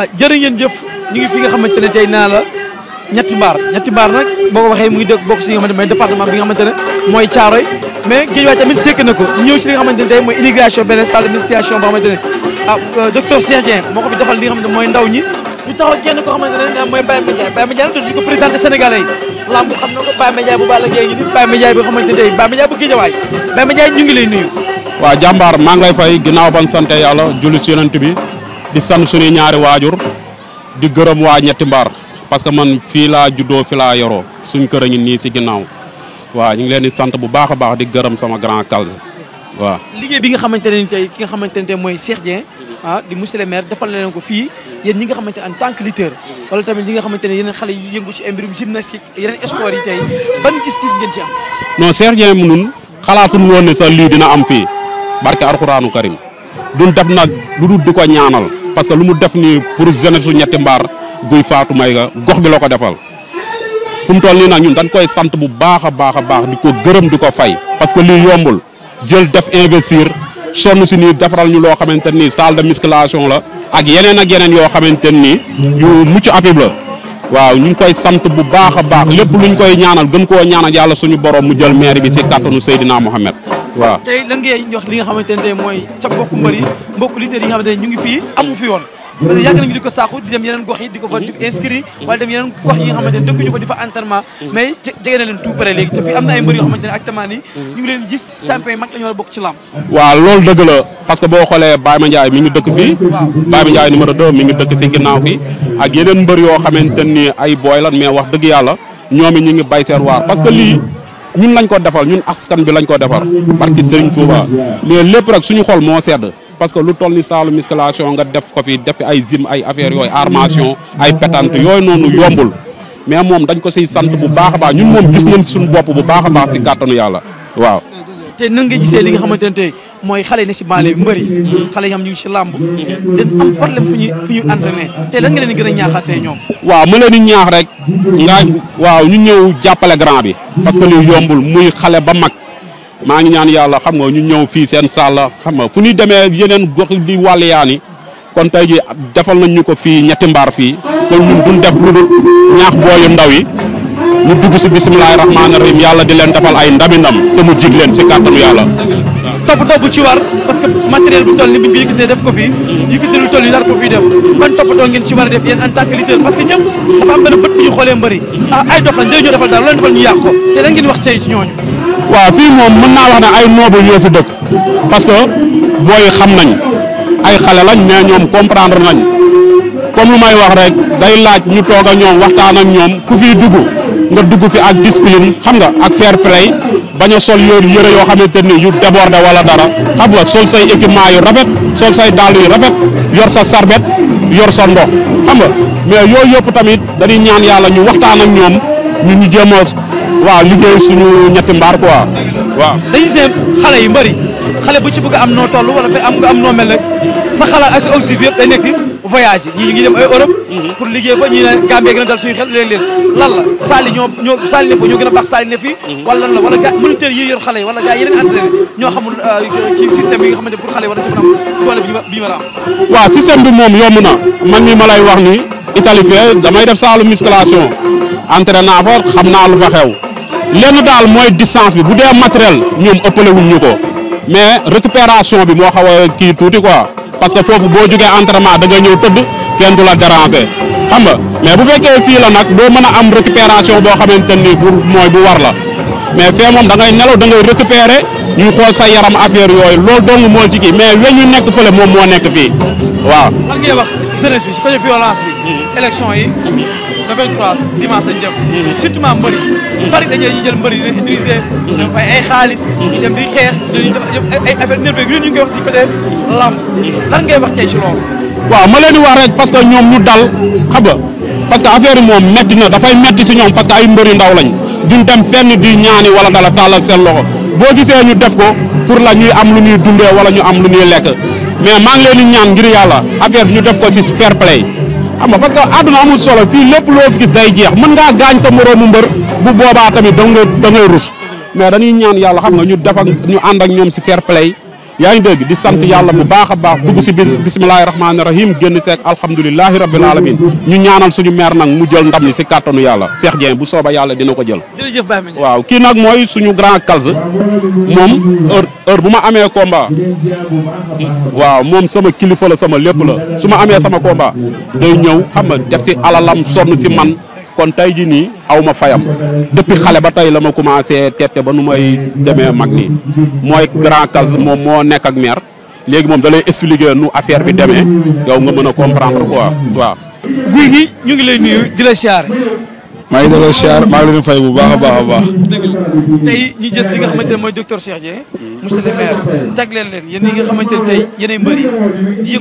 ah jërë ngeen jëf ñu ngi fi nga xamante ne tey naa la ñetti mbaar ñetti mbaar nag boo waxee mu ngi dëkk bokk si nga xamante ne mooy département bi nga xamante ne mooy Thiaroye mais Guédiawaye tamit sekk na ko ñëw si li xamante ne mooy immigration benn salle d'administration boo xamante ne ah, euh, defal li nga xamante mooy ndaw ñi ñu taxaw kenn ko xamante ne mooy Baye Médiaye Baye Médiaye xam na bu Balla Gaye ngi ne tey Baye Médiaye bu Guédiawaye ñu ngi lay nuyu waaw jàmbaar maa ngi lay fay ginnaaw ban sante yàlla julli si yonent bi di sant suñuy ñaari waajur di gërëm waa ñetti mbaar parce que man fii laa juddoo fi laa yoroo suñ kër a nii si ginnaaw waaw ñu ngi leen di sant bu baax a baax di gërëm sama grand Kals waaw. liggéey bi nga xamante ne tey ki nga xamante ne mooy Cheikh Dieng ah di monsieur le maire defal leen ko fii yen ñi nga xamante ne en tant que wala tamit ñi nga xamante ne yeneen xale yi yëngu ci imbri gymnastique yeneen sport yi tey ban gis-gis ngeen ci am. non Cheikh Dieng ñun xalaatul woon ne sax lii dina am fii barke Alxuraanu Karim duñ def nag lu dul di ko ñaanal. parce que lu mu def nii pour jeunesse su ñetti mbaar guy faatu may ga gox bi la ko defal fu mu toll nii nag ñu dañ koy sant bu baax a baax a baax di ko gërëm di ko fay. parce que lii yombul jël def investir sonn si nii defaral ñu loo xamante nii salle de la ak yeneen ak yeneen yoo xamante nii yu mucc apib la waaw ñu ngi koy sant bu baax a baax lépp luñ koy ñaanal gën koo ñaanal yàlla suñu borom mu jël maire bi si kàttanu Seydina Mohamed. waaw tey lan ngay li nga xamante ne tey mooy ca mbokku mbër yi mbokku lutteurs yi nga ko saaku di dem yeneen gox gox yi di fa entraînement mais jege leen tout près léegi te bokk waaw loolu dëgg la parce que boo xoolee Baye Mandiaye mi ngi dëkk fii Baye Mandiaye numéro 2 mi ngi dëkk si ginnaaw fii ak yeneen mbër yoo xamante ni ay booy lan mais wax dëgg yàlla ñoom it ñu ngi bay seen waar parce que lii ñun lañ ko defal ñun askan bi lañ ko defal barki Serigne Touba mais lépp rek suñu xol moo sedd parce que lu toll ni saalu musculation nga def ko fi def ay gym ay affaires yooyu armation ay pétante yooyu noonu yombul mais moom dañ ko siy sant bu baax a baax ñun moom gis nañ suñu bopp bu baax a baax si kàttanu yàlla waaw te na nga gisee li nga xamante ne tey mooy xale ne si banlieue bi mbëri xale yi xam ñu ngi si làmb dañ am problème fu ñuy fu ñuy te lan nga leen gën a ñaaxaatee ñoom waaw ma leen di ñaax rek ngaa waaw ñu ñëw jàppale grand bi parce que li yombul muy xale ba mag maa ngi ñaan yàlla xam nga ñu ñëw fii seen sàlla xam nga fu ñuy demee yeneen gox di wàlliyaani kon tey ji defal nañ ñu ko fii ñetti mbaar fii kon ñun duñ def lu dul ñaax booyu ndaw yi ñu dugg si bisimilah rahmaani rahim yàlla di leen defal ay ndami ndam te mu jig leen si kàttanu yàlla. topp topp ci war parce que matériel bu toll ni bi ñu yëkkatee def ko fii yëkkatee lu toll ni dara ko fii def ban toppatoo ngeen ci war a def yéen en parce que ñëpp dafa am benn bët bi ñu xoolee mbëri ah, ay dof lañ dañoo defal daal loolu defal ñu yàq te lan ngeen wax tey ci ñooñu. waaw fii moom mën naa wax ne ay noobu ñoo fi dëkk nga dugg fi ak discipline xam nga ak fair play bañ a sol yooyu yëre yoo xamante ni yu débordé wala dara xam nga sol say équipement yu rafet sol say dal yu rafet yor sa sarbet yor sa ndox xam nga mais yooyu yëpp tamit dañuy ñaan yàlla ñu waxtaan ak ñoom ñu ñu jéem a waaw liggéey suñu ñetti mbaar quoi waaw. dañu seen xale yu bëri xale bu ci bëgg am noo toll wala fa am nga am noo mel rek sa xalaat ak sa objectif yëpp day nekk. voyage yi ñii ñu dem Europe mhm. pour liggéey fa ñii ne Gambie gën a dal suñu xel léeg leen lan saali ñoo saali ne fa ñoo gën a baax saali ne fii mhm. wala lan la wala ga xale yi wala gars yeneen entraîné ñoo xamul euh, ci système bi nga xamante pour xale yi war na ci mën a am bi ñu war a am waaw système bi moom yomb na man mii ma lay wax ni Italie fee damay def saalu musculation entraîné naa fa xam naa lu fa xew lenn daal mooy distance bi bu dee matériel ñoom ëppale wuñ ñu ko mais récupération bi moo xaw a kii tuuti quoi parce que foofu boo jugee entraînement da nga ñëw tëdd kenn du la déranger xam nga mais bu fekkee fii la nag doo mën a am récupération boo xamante ni bu mooy bu war la mais fee moom da ngay nelaw da ngay récupérer ñuy xool sa yaram affaire yooyu loolu dong moo ci kii mais weñ ñu nekk fële moom moo nekk fii waaw. lan ngay wax hmm. yi. Hmm. le 23 dimanche lañ jëm. surtout maa mbëri. mbëri dañuy ñu jël mbëri di mm-hmm. mm-hmm. xeex ñu def wax ci côté lamb mm-hmm. lan ngay wax tey ci loolu. waaw ma leen di wax rek parce que ñoom ñu dal xam nga parce que affaire yi moom metti na dafay metti si ñoom parce que ay mbëri ndaw lañ duñ dem fenn di ñaani wala dala tàllal seen loxo boo gisee ñu def ko pour la ñuy am lu ñuy dundee wala ñu am lu ñuy lekk mais maa ngi leen di ñaan ngir yàlla affaire ñu def ko si fair play xam nga parce que àdduna amul solo fii lépp loo fi gis day jeex mën ngaa gaañ sa moroomu mbër bu boobaa tamit da nga da ngay rus mais dañuy ñaan yàlla xam nga ñu def ñu ànd ak ñoom si fair play yaa ngi dégg di sant yàlla bu baax a baax dugg si bisimilahi rahmaani rahim génn seek alhamdulilahi rabbil alamin ñu ñaanal suñu maire nag mu jël ndam li si kàttanu yàlla Cheikh Dieng bu sooba yàlla dina ko jël waaw kii nag mooy suñu grand calze moom heure heure bu ma amee komba waaw moom sama kilifa la sama lépp la su ma amee sama combat day ñëw xam nga def si alalam sonn si man kon tey ji nii awma fayam depuis xale ba tey la ma commencé tette ba nu may demee mag nii mooy grand Kals moom moo nekk ak maire léegi moom da lay expliquer nu affaire bi demee yow nga mën a comprendre ko waaw. guy gi ñu ngi lay nuyu di la siyaare maa ngi delloo siyaar maa ngi leen fay bu baax a baax baax. tey ñu jës li nga xamante ne mooy docteur Cheikh Dieng. monsieur le maire leen yéen ñi nga xamante ne tey yéenay mbër yi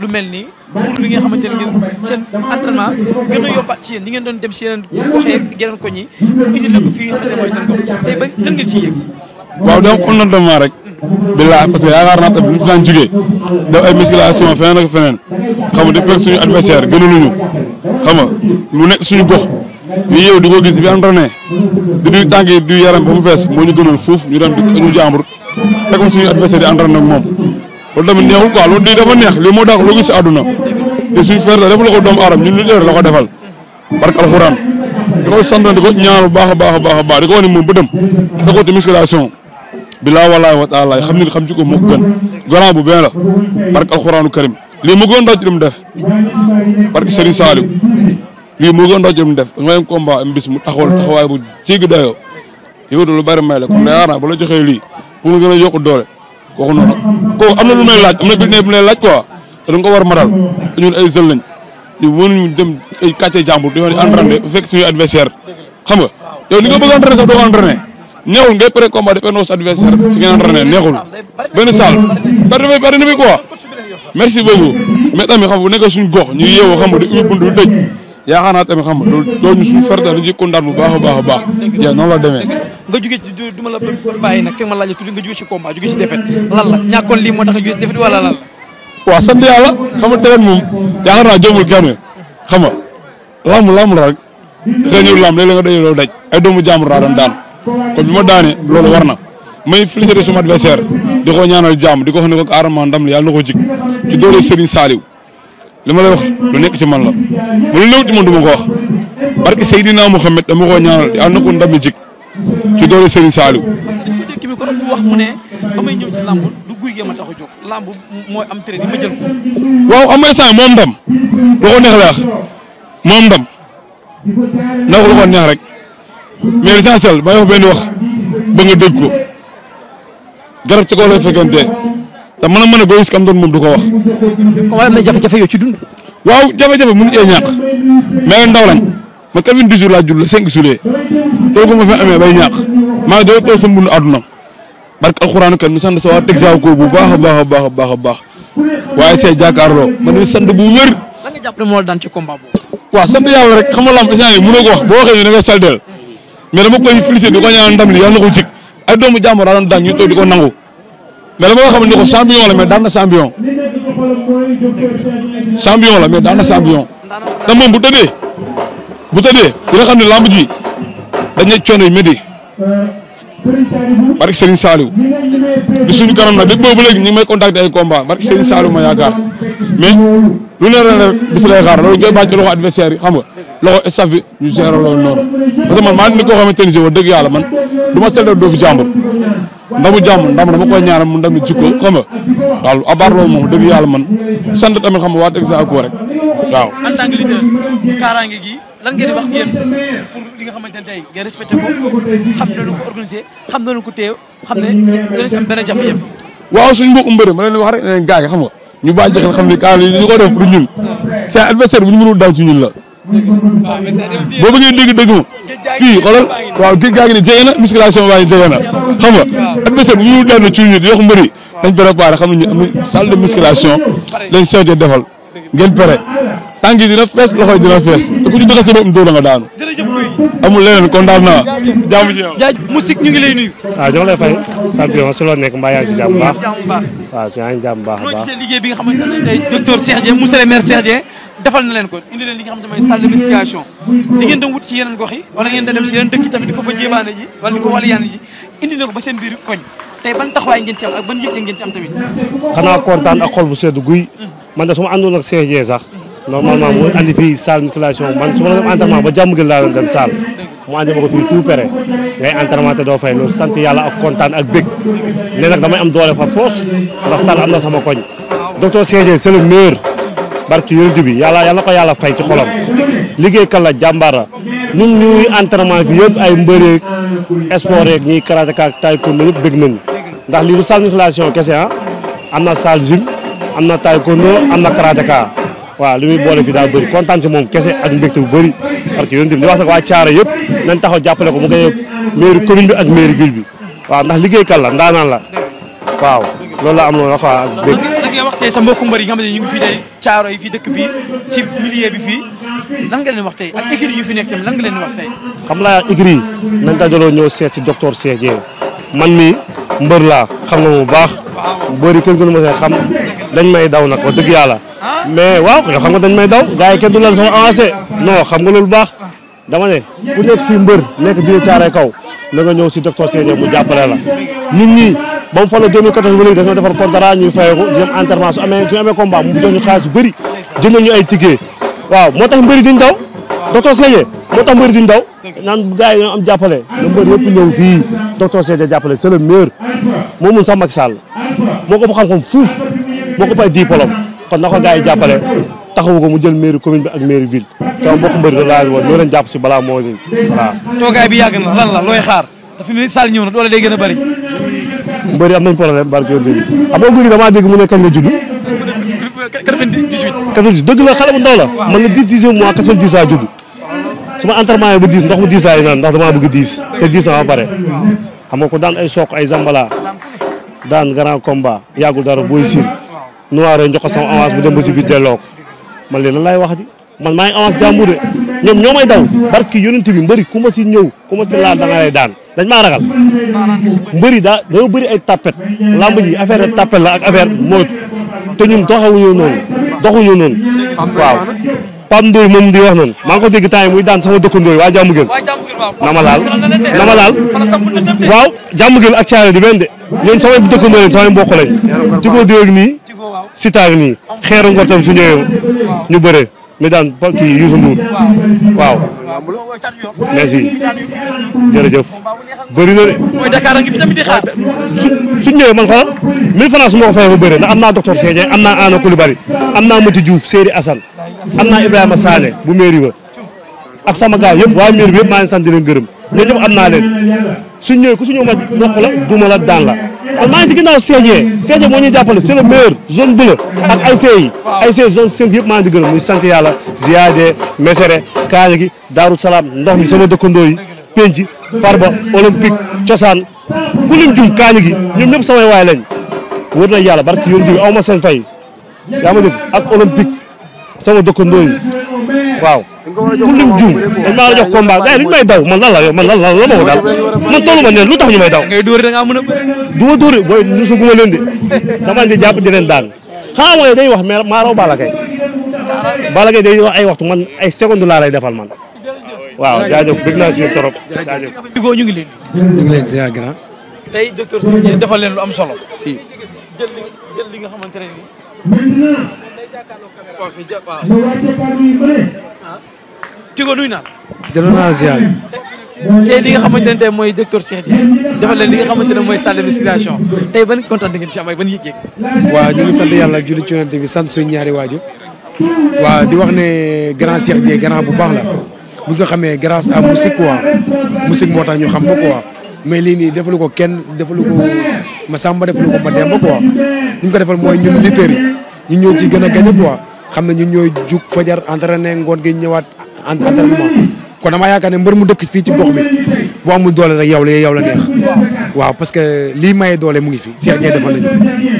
lu mel nii pour li nga xamante ne seen entraînement gën a ngeen doon dem si yeneen gox yeeg yeneen koñ yi indi leen ko fii nga xamante ne mooy seen gox tey ba lan ngeen ciy yëg. waaw donc contentement rek. billaay parce que yaakaar naa tamit bu ñu daan jugee def ay musculation feneen ak feneen xam nga def fekk suñu adversaire gënaluñu xam mu nekk suñu gox ñu yow di gis bi entraîné di duy tànk duy yaram ba mu fees moo ñu gënal fuuf ñu dem di ñu jàmbur fekk suñu adversaire di entraîné ak moom loolu tamit neexul quoi loolu di dafa neex lii moo daaw loo gis si àdduna di suñu la def la ko doomu aadama ñun lu def la ko barke alxuraan di ko sant di ko ñaan bu baax a baax a baax a baax di ko wane moom ba dem sa côté musculation bi laa walaay wa taalaay xam ni xam ci ko moo gën grand bu benn la barke alxuraanu karim lii mu gën daal ci li mu def lii moo gën rajo bi mu def da nga am combat am bis mu taxawal mm. taxawaay bu jéggi dayoo yëngatu lu bari may la comme ne yaakaar naa bu la joxee lii pour nga gën a yokk doole kooku noonu kooku am na lu may laaj am na bi ne bu lay laaj quoi te danga ko war a maral te ñun ay jeunes lañ ñu mënuñu dem ay kàccee jàmbur di entraîné bu fekk adversaire xam nga ni nga bëgg entraîné sax doo ko entraîné neexul ngay pré combat de adversaire fi ngeen entraîné neexul benn salle bari bari na bi quoi merci beaucoup mais tamit xam nga bu nekkee suñu gox ñu yeewoo yaakaar naa tamit xam nga loolu loolu suñu farda dañu ciy kontaan bu baax a baax a baax. dëgg la noonu la demee. nga jóge du ma la bàyyi nag fi ma laajee tuuti nga jóge ci combat jóge ci défaite lan la ñàkkoon lii moo tax nga jóge ci défaite wala la. waaw sant yàlla xam nga défaite moom yaakaar naa jomul kenn xam nga lamb lamb la rek xëy na loolu daj ma daanee loolu war na may féliciter sama adversaire di ko ñaanal jàmm di ko wax ne ko Arama ndam la yàlla na ko jig ci doole Serigne Saliou li ma lay wax lu nekk ci man la lu néew ci man du ma ko wax barke Seydina Mouhamed dama ko ñaanal yàlla na ko ndam jik ci doole Serigne Saliou. a jóg waaw am na moom ndam lu ko neex la wax moom ndam ndax lu neex rek mais l'essentiel ba wax benn wax ba nga ko garab ci kaw lay fekkante te mën a mën a goo gis kam doon moom du ko wax. waaw am jafe-jafe yoo ci dund. waaw jafe-jafe mënuñu cee ñàkk mais ndaw lañ ma 90 jours laa jull 5 juillet ma fi amee bay ñàkk maa ngi doon toog sa mbundu àdduna barke alxuraanu kan mi sant ko bu baax a baax a baax a baax a baax waaye see jàkkaarloo ma ne sant bu wér. lan nga jàpp moo daan ci combat boobu. waaw sant yàlla rek xam nga lam instant yii wax boo waxee ñu da nga saldeel mais dama koy félicité di ko ñaanal ndam li yàlla na ko ay doomu jàmbur daan daan ñu toog di ko nangu mais dama nga xam ne ko champion la mais daan na champion champion la mais daan na champion te moom bu tëddee bu tëddee dina xam ne lamb ji dañ ne coono yu métti barke Serigne Saliou di suñu kanam ñu ngi may contacter ay combat barke Serigne Saliou ma yaakaar mais lu ne la rek bis lay xaar loolu jël bàcc loxo adversaire yi xam nga loxo staff bi ñu gérer loolu noonu parce que man maa ngi koo xamante ni si wax dëgg yàlla man du ma seetloo doofu jàmbur ndamu jàmm ndam dama ko ñaanal mu ndam ni jikko xam a waaw abaar loolu moom dëgg yàlla man sant tamit xam nga waa Texas ko rek waaw. en tant que leader kaaraange gi lan ngeen di wax yéen pour li nga xamante ne tey ngeen respecté ko xam na xam na ko téye xam ne yéen a am benn jafe-jafe. waaw suñu mbokku mbëri ma leen wax rek ne leen gars yi ñu bàyyi joxe xam ne kaan yi ñu ko def du ñun seen adversaire bu ñu mënul daaw ci ñun la. boo bëggee dégg dëgg ma fii xoolal waaw géej gaa ngi ne jege na musculation baa ngi jege na xam nga adversaire bu ñu mënul daaw ci ñun di wax mbëri dañ préparé xam ne ñu am salle de musculation lañ seetee defal ngeen pare. tànk yi dina fees loxo yi dina fees te ku ci dëkk sa doom dóor nga daanu. jërëjëf amul leneen kontaan naa. jaamu ci ah, nekk mbaa yaa ngi si jàmm baax waaw si yaa ngi jàmm baax baax. seen liggéey bi nga xamante ne tey docteur Cheikh Dieng monsieur defal na leen ko indi leen li nga xamante ne mooy salle de musculation di ngeen doon wut ci yeneen gox yi wala ngeen da dem si yeneen dëkk yi tamit di ko fa jébaane ji wala di ko waliyaane ji indi na ko ba seen biir koñ tey ban taxawaay ngeen ci am ak ban yëg ngeen ci tamit xanaa kontaan ak xol bu sedd guy mm. man da suma àndoon ak normalement mu andi ma dem entraînement ba jàmm gën laa dem salle mu andi ma ko fii pere ngay entraînement te doo fay loolu sant yàlla ak kontaan ak bég ne nag damay am doole fa foos ndax salle am na sama koñ docteur Sédié c'est le meilleur ko yàlla fay ci liggéey kan la jàmbaar la yëpp ay mbëreeg sport yeeg ñiy karatéka ak ndax lii du salle ah. am na salle gym am na taekwondo am waaw li muy boole fi daa bëri kontaan si moom kese ak mbégte bu bëri parce que yonent bi di wax nag waa Thiaré yëpp nañ jàppale ko mu gañe mairie commune bi ak mairie ville bi waaw ndax liggéeykat la ndaanaan la waaw loolu la am loolu wax waa ak dégg sa mbokku mbër yi nga xam ne ñu ngi fii caaro yi fii dëkk bi ci milieu bi fii lan nga leen wax tey ak écurie yu fi nekk tamit lan nga leen wax tey xam laa écurie yi nañ dajaloo ñëw seet si docteur Cheikh Dieng man mi mbër laa xam dañ may daw nag wax dëgg yàlla mais waaw yoo xam nga dañ may daw gars yi la du leen sama avancé non xam nga loolu baax dama ne ku nekk fii mbër nekk jëlee caare kaw la nga ñëw si docteur Sénégal mu jàppale la ñun ñii ba mu falo 2014 ba léegi dañoo defar contrat ñuy fayeeku di dem entraînement su amee su amee combat mu jox ñu xaalis yu ay tiggee waaw moo tax mbëri duñ daw docteur Sénégal moo tax mbëri duñ daw naan gars am jàppale da mbër yëpp ñëw fii docteur Sénégal jàppale c'est le meilleur moo mun sax Macky Sall moo ko xam-xam fuuf moo ko pay diplôme na ko gars yi jàppale taxawu ko mu jël mairie commune bi ak mairie ville sama mbokk mbëri da laa woon ñoo jàpp si balaa moo ñu voilà toogaay bi yàgg lan la looy xaar dafa mel ni Sall ñëw na doole day gën a bëri mbëri am nañ problème barke yoon bi xam nga gi damaa dégg mu ne kañ la judd dëgg la xale bu ndaw la man la 10 10e mois 90 laa judd su ma entraînement yi bu diis ndox mu diis laay naan ndax damaa bëgg diis te diis sama pare xam ko daan ay soq ay zambala daan grand combat yàggul dara booy siin noir jox ko sama avance bu dem ba si biir delloo ko leen laay wax di man maa ngi ñoom ñoo may daw barki yonent bi mbëri ku si ñëw ku si laal da lay daan dañ maa ragal mbëri daa dafa bëri ay tapet lamb ji affaire ay tapet la ak affaire mootu te ñun doxawuñu noonu doxuñu noonu waaw Pam Ndoy moom di wax noonu maa ko dégg temps yi muy daan sama dëkkandoo yi waa jàmm na ma laal na ma laal waaw jàmm gën ak caare di benn de ñoom samay dëkkandoo lañ samay sitaak nii xeeru ngor tam su ñëwee ñu bëre mi daan ba kii Youssou Ndour waaw merci jërëjëf bëri na de. mooy man xoolal 1000 francs moo ko fay bëre ndax am naa docteur Seye am naa Ana Coulibaly am naa Mati Diouf Seydi Assane am naa Ibrahima Sané bu mairie ba ak sama gars yëpp waa mairie bi yëpp maa ngi sant gërëm ñooñu ñëpp am naa leen. suñ ñëwee ku suñu ma doq la duma la daan la man maa ngi si ginnaaw CG CG moo ñuy jàppale c'est le meilleur zone bleue ak ay yi ay see zone cinq yëpp maa ngi di muy sant yàlla ziade mesere kaani gi daaru salaam ndox mi sama dëkkandoo yi penc farba olympique cosaan ku lim jum kaani gi ñoom ñëpp samay waay lañ wër na yàlla barke yoon bi aw ma seen fay yaa ma dégg ak olympique sama dëkkandoo yi waaw ku lim juum dañ maa la jox combat gars yi ñu may daw man lan la man lan la la ma ko daal man tollu ma ne lu tax ñu may daw. ngay dóor da ngaa mën a ma dóor booy musu gu ma leen di dama di jàpp di leen daan xanaa mooy day wax mais maa raw Balla Gaye ay waxtu man ay seconde laa lay defal man waaw jaajëf bëgg naa si trop jaajëf. Digo ñu ngi leen. ñu ngi leen ziar grand. tey lu am solo. si jël li jël li nga xamante Tigo nuyu naa la. delloo naa la ziar. tey li nga xamante ne tey mooy docteur Cheikh Dieng defal leen li nga xamante ne mooy salle de musculation tey ban kontaan ngeen ci am sant yàlla ak ci yonent bi sant suñu ñaari waajur. waaw di wax ne grand Cheikh Dieng grand bu baax la bu ñu ko xamee grâce à musique quoi musique moo tax ñu xam ko quoi mais lii nii defalu ko kenn defalu ko ma sàmba defalu ko ma demba quoi nu ko defal mooy ñun lutteurs yi ñu ñëw ci gën a gagné xam ne ñun ñooy jug fajar entraîné ngoon gi ñëwaat entraînement kon damaa yaakaar ne mbër mu dëkk fii ci gox mi boo mu doole rek yow la yow la neex waaw parce que lii maye doole mu ngi fi si Ndiaye defal nañu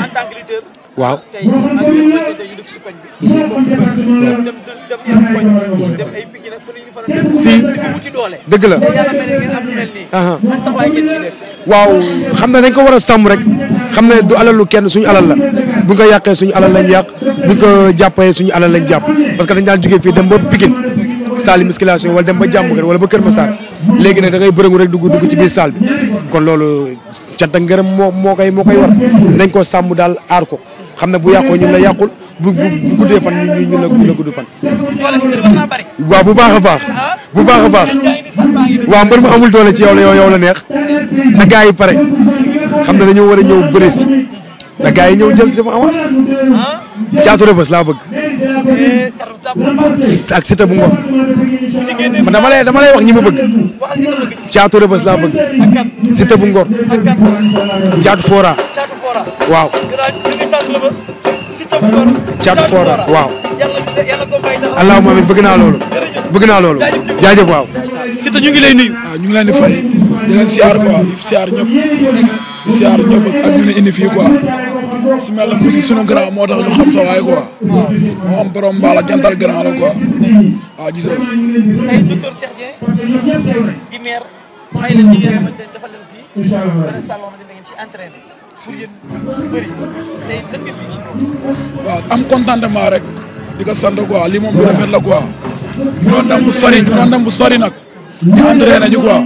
en waaw tey ak yéen la ñuy waaw xam ne dañ ko war a sàmm rek xam ne du alalu kenn suñu alal la bu ñu ko yàqee suñ alal lañ yàq bu ñu ko jàppee suñu alal lañ jàpp parce que dañ daan jógee fii dem ba Pikine salle musculation wala dem ba jàmm wala ba Kër ma Massar léegi nag dangay ngay bërëngu rek dugg dugg ci biir saal bi kon loolu cant ak ngërëm moo moo koy moo koy war nañ ko sàmm daal aar ko xam na bu yàqoo ñun la yàqul bu bu guddee fan ñu ñun la ñun la gudd fan. waaw bu baax a baax. bu baax a baax. waaw mbër mu amul doole ci yow la yow la neex. na gaa yi pare. xam na dañoo war a ñëw bëre si. na gaa yi ñëw jël sama avance. caatu laa bëgg. ak sita bu ngor. man dama lay wax ñi ma bëgg. laa bëgg. sita foora. waaw. caatu foora waaw. allahumma amiin bëgg naa loolu. bëgg naa loolu jaajëf waaw. Siteu ñu ngi lay nuyu. waaw ah, ñu ngi leen di fay di leen siyaar quoi di siyaar ñëpp ak ñu ne fii quoi su mel ne musique sunu grand moo tax ñu xam sa waay quoi moo am borom jantal grand la quoi waaw gisoo. da ngeen ci entraîné. si yéen ñu bëri tey lan ngeen lii rek di ko sant quoi lii moom bu rafet la quoi ñu doon dem bu sori ñu doon bu sori nag ñu entraîné ji quoi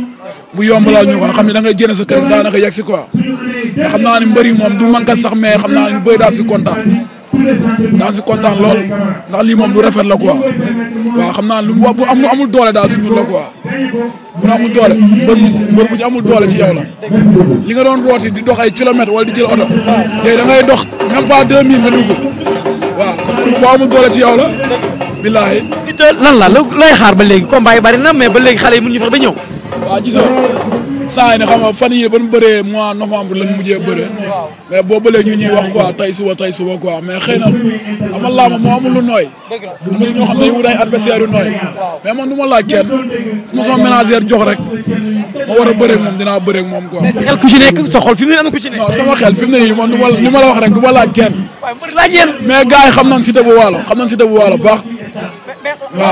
mu yombalal ñu quoi xam ne danga ngay génne sa kër daanaka yegg si quoi mais xam naa ne mbëri moom du man ka sax mais xam naa ne ñu bëri daal si kontaan. daa si kontaan lool ndax lii moom lu rafet la ko waaw xam naa lu bu am amul doole daal si ñun la quoi bu amul doole mbër mu mbër mu ci amul doole ci yow la li nga doon rooti di dox ay kilomètres wala di jël oto léegi da ngay dox même pas deux mille nga dugg waaw kon boo amul doole ci yow la billaahi si te lan la lay xaar ba léegi combat yi bari na mais ba léegi xale yi mën ñu fex ba ñëw waaw gisoo saa yi ne xam nga fan yii ba mu bëree mois novembre lañ mujjee bëree mais boo bëlee ñu ñuy wax quoi tey suba tey suba quoi mais xëy na ama laama moo amul lu nooy ama suñoo man du ma laaj kenn su ma sama ménagère jox rek ma war a bëreeg moom dinaa bëreeg moom quoi sa xel ku ci nekk sa xol fi mu ne am ku ci nekk non sama xel fi ma li ma la wax rek du ma laaj kenn mais gars yi xam na Siteu bu waalo xam na Siteu bu waalo baax wa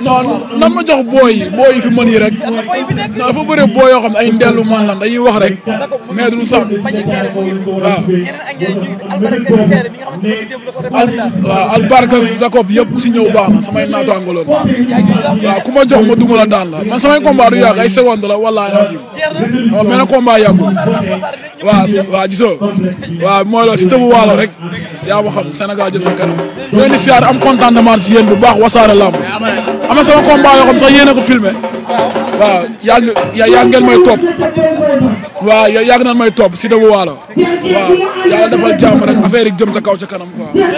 non nan ma jox booy yi booy yi fi mën yi rek dafa bëre booy yoo xam ne ay ndellu man la dañuy wax rek mais du sax waaw waaw albarka Jacob yëpp ku si ñëw baax na samay naatu angaloon waaw ku ma jox ma duma la daan la man samay combat du yàgg ay seconde la wallaahi nasi waaw mel na combat yàggul waaw waaw gisoo waaw si tëbu waalo rek yaa ma xam Sénégal jëm sa kanam leen di siyaar am contentement si yéen bu baax wasaare lamb am na sama combat yoo xam sax yéen a ko filmé waaw yaa yaa ngeen may topp waaw yaa ngi naan may top si dama waalo waaw yàlla defal jàmm rek affaire yi jëm ca kaw ca kanam quoi.